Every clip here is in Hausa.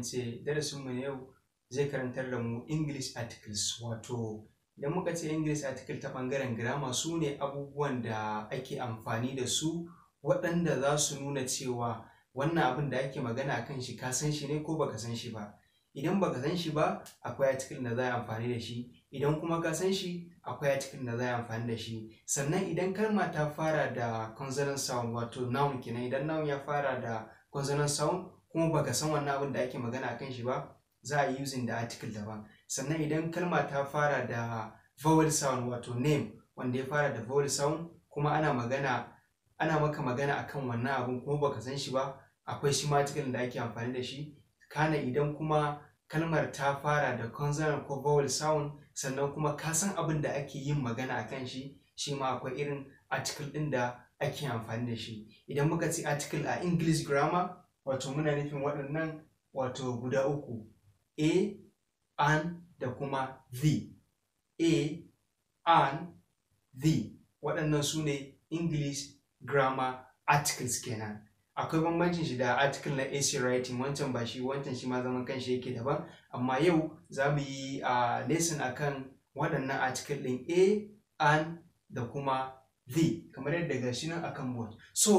ce darasinmu na yau zai karantar da mu English articles wato idan muka ce English article ta bangaren grammar su ne abubuwan da ake amfani da su waɗanda za su nuna cewa wannan abin da ake magana kan shi ka san shi ne ko baka san shi ba idan baka san shi ba akwai article da za a amfani da shi idan kuma ka san shi akwai article da za a amfani da shi sannan idan kalma ta fara da consonant sound wato noun kenan idan noun ya fara da consonant sound kuma baka san wannan abin da ake magana kan shi ba za a yi using da article daban sannan idan kalma ta fara da vowel sound wato name wanda ya fara da vowel sound kuma ana magana ana maka magana akan wannan abin kuma baka san shi ba akwai shi article da ake amfani da shi kana idan kuma kalmar ta fara da consonant ko vowel sound sannan kuma ka san abin da ake yin magana akan shi shi ma akwai irin article din da ake amfani da shi idan muka ci article a english grammar wato muna nufin waɗannan wato guda uku a an da kuma the a an the waɗannan su ne english grammar articles kenan akwai bambancin shi da article na AC writing wancan ba shi wancan shi ma zaman kanshi yake daban amma yau za mu yi a lesson akan waɗannan article ɗin a an da kuma the kamar yadda gashi nan akan board so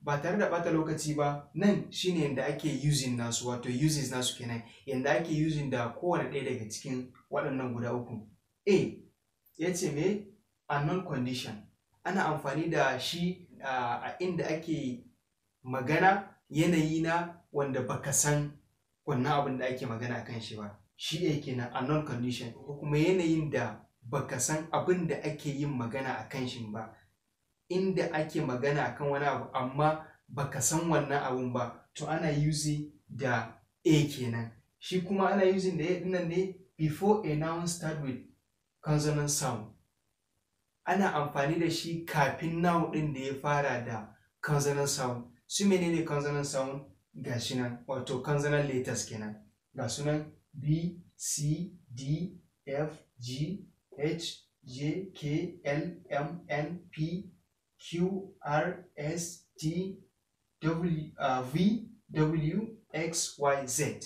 ba tare da bata lokaci ba nan shine yadda ake using nasu wato uses nasu kenan yadda ake using da kowane ɗaya daga cikin waɗannan guda uku a ya ce me a non condition ana amfani da shi a inda ake magana yanayi na wanda baka san wannan abin da ake magana a kan shi ba shi yake kenan a non condition ko kuma yanayin da baka san abin da ake yin magana a kan shi ba inda ake magana kan wani abu amma baka san wannan abun ba to ana yuzi da a kenan shi kuma ana using da a dinnan ne before a noun start with consonant sound ana amfani da shi kafin noun din da ya fara da consonant sound su menene consonant sound ga shi nan wato consonant letters kenan ga sunan b c d f g h j k l m n p Q, R, S, T, W, uh, V, W, X, Y, Z.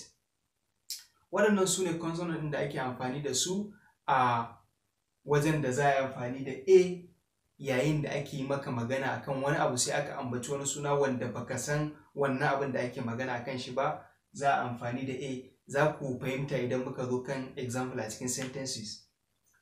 Waɗannan su ne consonant da ake amfani da su a wajen da za a yi amfani da A yayin da ake maka magana akan wani abu sai aka ambaci wani suna wanda baka san wannan abin da ake magana akan shi ba za a amfani da A za ku fahimta idan muka zo kan example a cikin sentences.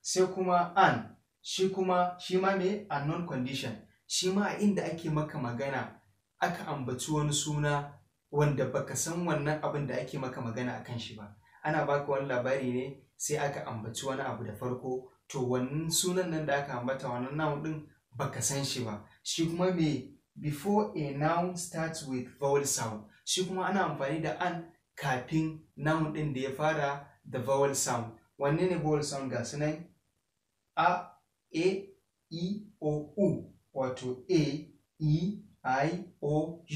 Sai kuma an shi kuma shi ma me unknown condition shi ma a inda ake maka magana aka ambaci wani suna wanda baka san wannan abin da ake maka magana a kan shi ba ana baka wani labari ne sai aka ambaci wani abu da farko to wannan sunan nan da aka ambata wannan noun din baka san shi ba shi kuma me before a noun starts with vowel sound shi kuma ana amfani da an kafin noun din da ya fara da vowel sound wanne ne vowel sound ga sunan a e i o u wato a e i o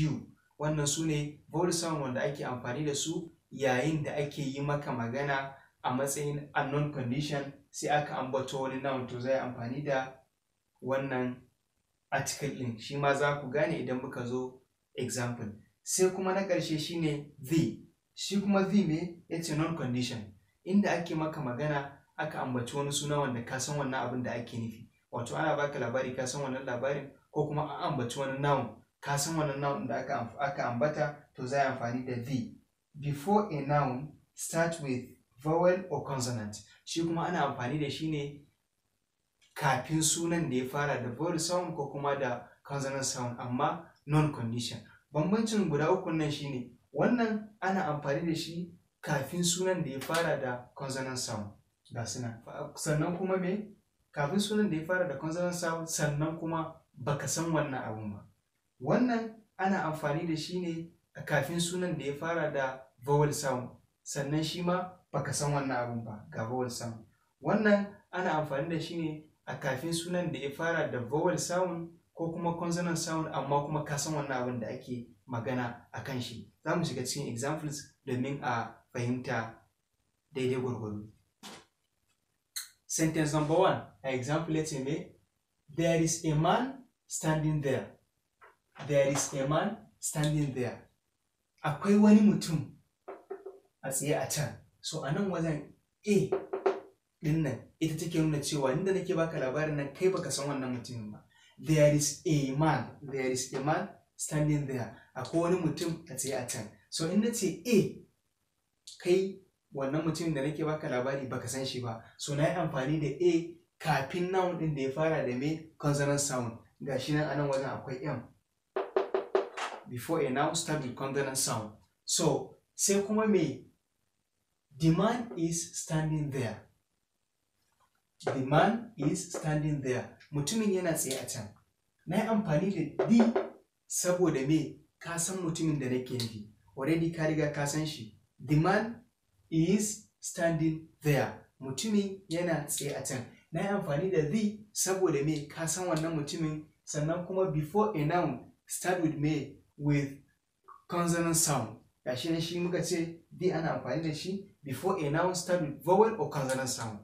u wannan su ne sound wanda ake amfani da su yayin da ake yi maka magana a matsayin unknown condition sai aka ambato wani noun to zai amfani da wannan article ɗin shi ma za ku gane idan muka zo example sai kuma na ƙarshe shine the shi kuma the ne ya ce non condition inda ake maka magana aka ambaci wani suna wanda ka san wannan abin da ake nufi wato ana baka labari ka san wannan labarin ko kuma an ambaci wani noun ka san wannan noun da aka ambata to za a amfani da the before a noun start with vowel or consonant shi kuma ana amfani da shi ne kafin sunan da ya fara da vowel sound ko kuma da consonant sound amma non condition bambancin guda uku nan shine wannan ana amfani da shi kafin sunan da ya fara da consonant sound ga sannan kuma me kafin sunan da ya fara da consonant sound sannan kuma baka san wannan abun ba wannan ana amfani da shi ne a kafin sunan da ya fara da vowel sound sannan shi ma baka san wannan abun ba ga vowel sound wannan ana amfani da shi ne a kafin sunan da ya fara da vowel sound ko kuma consonant sound amma kuma ka san wannan abin da ake magana a kan shi za mu shiga cikin examples domin a fahimta daidai gwargwado Sentence number one. Example, let's A. there is a man standing there. There is a man standing there. Akwai wani mutum a tsaye a can. So, a nan wajen A din nan ita take nuna cewa inda nake baka labarin nan kai baka san wannan mutumin ba. There is a man. There is a man standing there. Akwai wani mutum a tsaye a can. So, in na ce A, kai wannan mutumin da nake baka labari baka san shi ba so na yi amfani da a kafin noun din da ya fara da me consonant sound gashi nan anan wajen akwai m before a noun start with consonant sound so sai kuma me the man is standing there the man is standing there mutumin yana tsaye a can na yi amfani da D saboda me ka san mutumin da nake nufi already ka riga ka san shi the man he is standing there mutumi yana tsaye a can na yi amfani da the saboda me ka san wannan mutumin sannan kuma before a noun start with me with consonant sound gashi na shi muka ce the ana amfani da shi before a noun start with vowel or consonant sound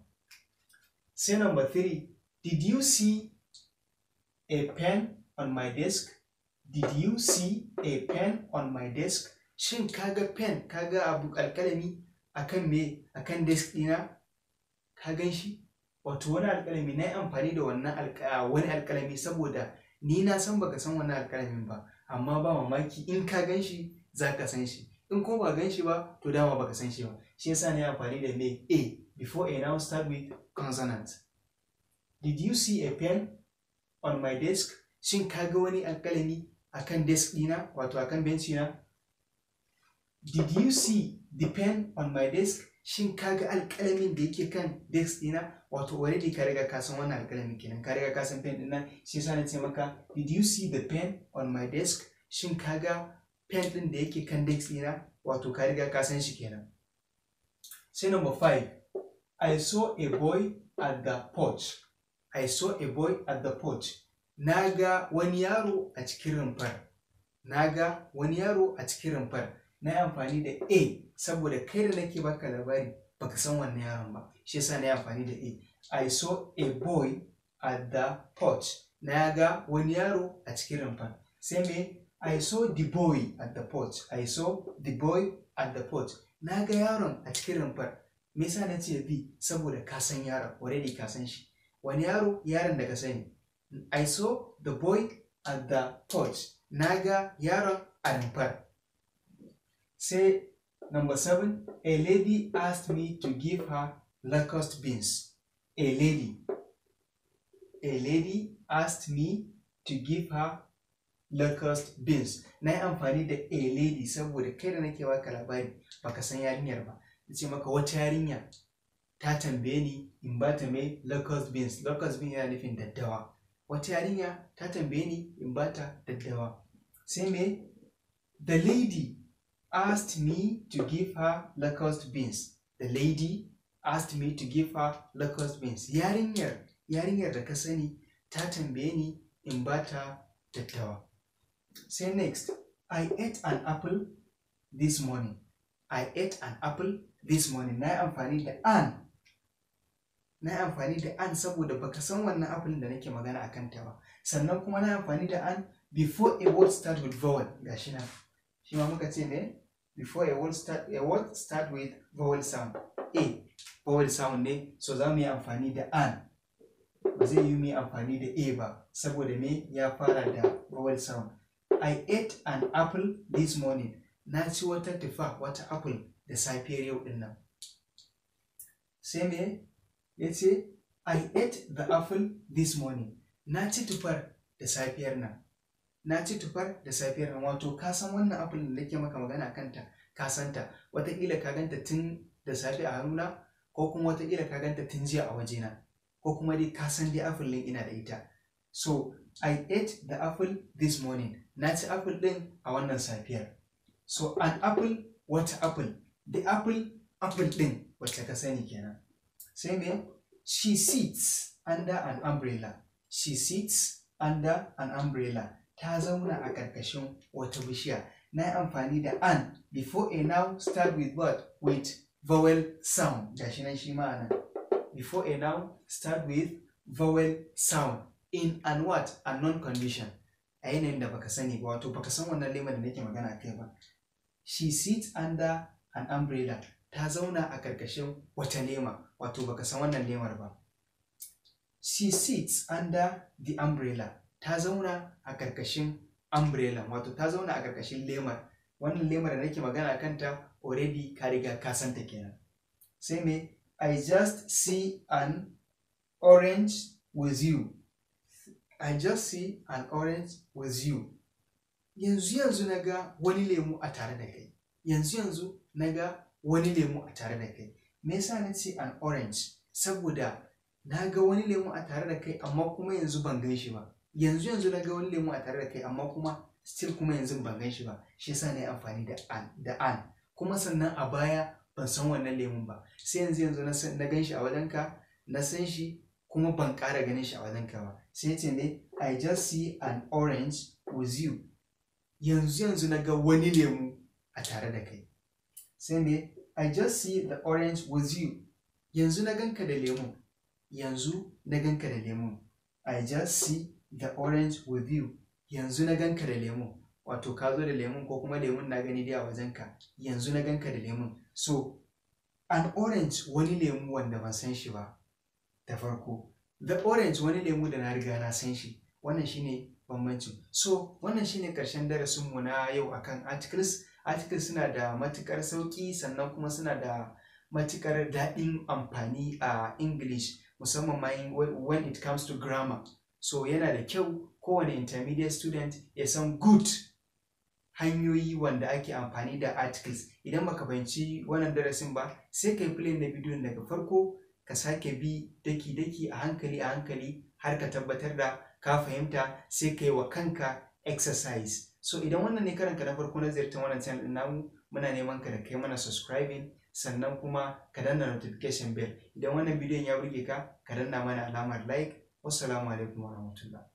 sai number three did you see a pen on my desk did you see a pen on my desk shin kaga pen kaga abu alkalami akan me akan desk dina ka ganshi? wato wani alƙalami na yi amfani da wannan wani alƙalami saboda ni na san baka san wani alƙalamin ba amma ba mamaki in ka ganshi zaka za ka san shi in ko ba ganshi ba to dama baka san shi ba shi yasa na yi amfani da me a before a now start with consonant did you see a pen on my desk shin ka ga wani alƙalami akan desk dina wato akan benci na did you see the pen on my desk shin ka ga alƙalamin da yake kan desk ɗina wato already ka riga ka san wannan alƙalamin kenan ka riga ka san pen ɗin nan shi yasa na ce maka did you see the pen on my desk shin ka ga pen ɗin da yake kan desk ɗina wato ka riga ka san shi kenan sai number 5 I saw a boy at the porch I saw a boy at the porch na ga wani yaro a cikin rumfar na ga wani yaro a cikin rumfar na yi amfani da a saboda kai da nake baka labari baka san wannan yaron ba shi yasa na yi amfani da a i saw a boy at the porch na ga wani yaro a cikin rumfa sai me i saw the boy at the porch i saw the boy at the porch na ga yaron a cikin rumfar me yasa na ce b saboda ka san yaron already ka san shi wani yaro yaron da ka sani i saw the boy at the porch na ga yaron a rumfar Say number seven, a lady asked me to give her locust beans. A lady. A lady asked me to give her locust beans. Na yi amfani da a lady saboda kai da nake baka labari baka san yarinyar ba. ce maka wata yarinya ta tambaye ni in ba ta mai locust beans. Locust beans yana nufin daddawa. Wata yarinya ta tambaye ni in ba ta daddawa. Sai me? The lady asked me to give her locust beans. The lady asked me to give her locust beans. Yarinyar, yarinyar da ka sani ta tambaye ni in ba ta tattawa. Say next, I ate an apple this morning. I ate an apple this morning. Na yi amfani da an. Na yi amfani da an saboda baka san wannan apple da nake magana a kanta ba. Sannan kuma na yi amfani da an before a word start with vowel. Gashi na. Shi ma muka ce ne before a word start a word start with vowel sound a vowel sound ne so za mu yi amfani da an ba zai yi mu amfani da a ba saboda me ya fara da vowel sound i ate an apple this morning na ci wata tufa wata apple da safiyar yau din nan sai me ya ce i ate the apple this morning na ci tufar da safiyar nan na ci tufar da safiyar nan wato ka san wannan abin da nake maka magana kanta ka ta. wataƙila ka ganta tun da safe a haruna, ko kuma wataƙila ka ganta tun jiya a wajena ko kuma dai ka san dai apple ina da ita so I ate the apple this morning na ci apple ɗin a wannan safiyar so an apple wata apple the apple apple ɗin wacce ka sani kenan sai me she sits under an umbrella she sits under an umbrella ta zauna a ƙarƙashin wata bishiya na yi amfani da an before a now start with what with vowel sound shi nan shi ma'ana before a now start with vowel sound in an what a non condition a yanayin da baka sani ba wato baka san wannan lema da nake magana a kai ba she sits under an umbrella ta zauna a ƙarƙashin wata lema wato baka san wannan lemar ba she sits under the umbrella ta zauna a ƙarƙashin umbrella wato ta zauna a ƙarƙashin lemar wannan lemar da nake magana kanta already ka riga ka kenan sai me I just see an orange with you I just see an orange with you yanzu yanzu na ga wani lemu a tare da kai yanzu yanzu na wani lemu a tare da kai me yasa na ce an orange saboda na ga wani lemu a tare da kai amma kuma yanzu ban gan shi ba yanzu yanzu na ga wani lemu a tare da kai amma kuma still kuma yanzu ban gan shi ba shi yasa na yi amfani da an da an kuma sannan a baya ban san wannan lemun ba sai yanzu yanzu na gan shi a wajen ka na san shi kuma ban ƙara ganin shi a wajen ka ba sai ce ne I just see an orange with you yanzu yanzu na ga wani lemu a tare da kai sai ne I just see the orange with you yanzu na ganka da lemu yanzu na ganka da lemu I just see The orange with you yanzu na ganka da lemon wato ka zo da lemon ko kuma lemon na gani dai a ka? yanzu na ganka da lemon so an orange wani lemu wanda ban san shi ba da farko the orange wani lemu da na riga na san shi wannan shine bambancin so wannan shine karshen darasin mu na yau akan articles articles suna da matukar sauki sannan kuma suna da matukar daɗin amfani a english musamman when it comes to grammar so yana da kyau kowane intermediate student ya san good hanyoyi wanda ake amfani da articles idan baka fahimci wannan darasin ba sai ka yi play na bidiyon daga farko ka sake bi daki-daki a hankali a hankali har ka tabbatar da ka fahimta sai ka yi wa kanka exercise so idan wannan ne karanka na farko na ziyartar wannan channel din namu muna neman ka da kai mana subscribing sannan kuma ka danna notification bell idan wannan bidiyon ya burge ka ka danna mana alamar like wassalamu alaikum warahmatullah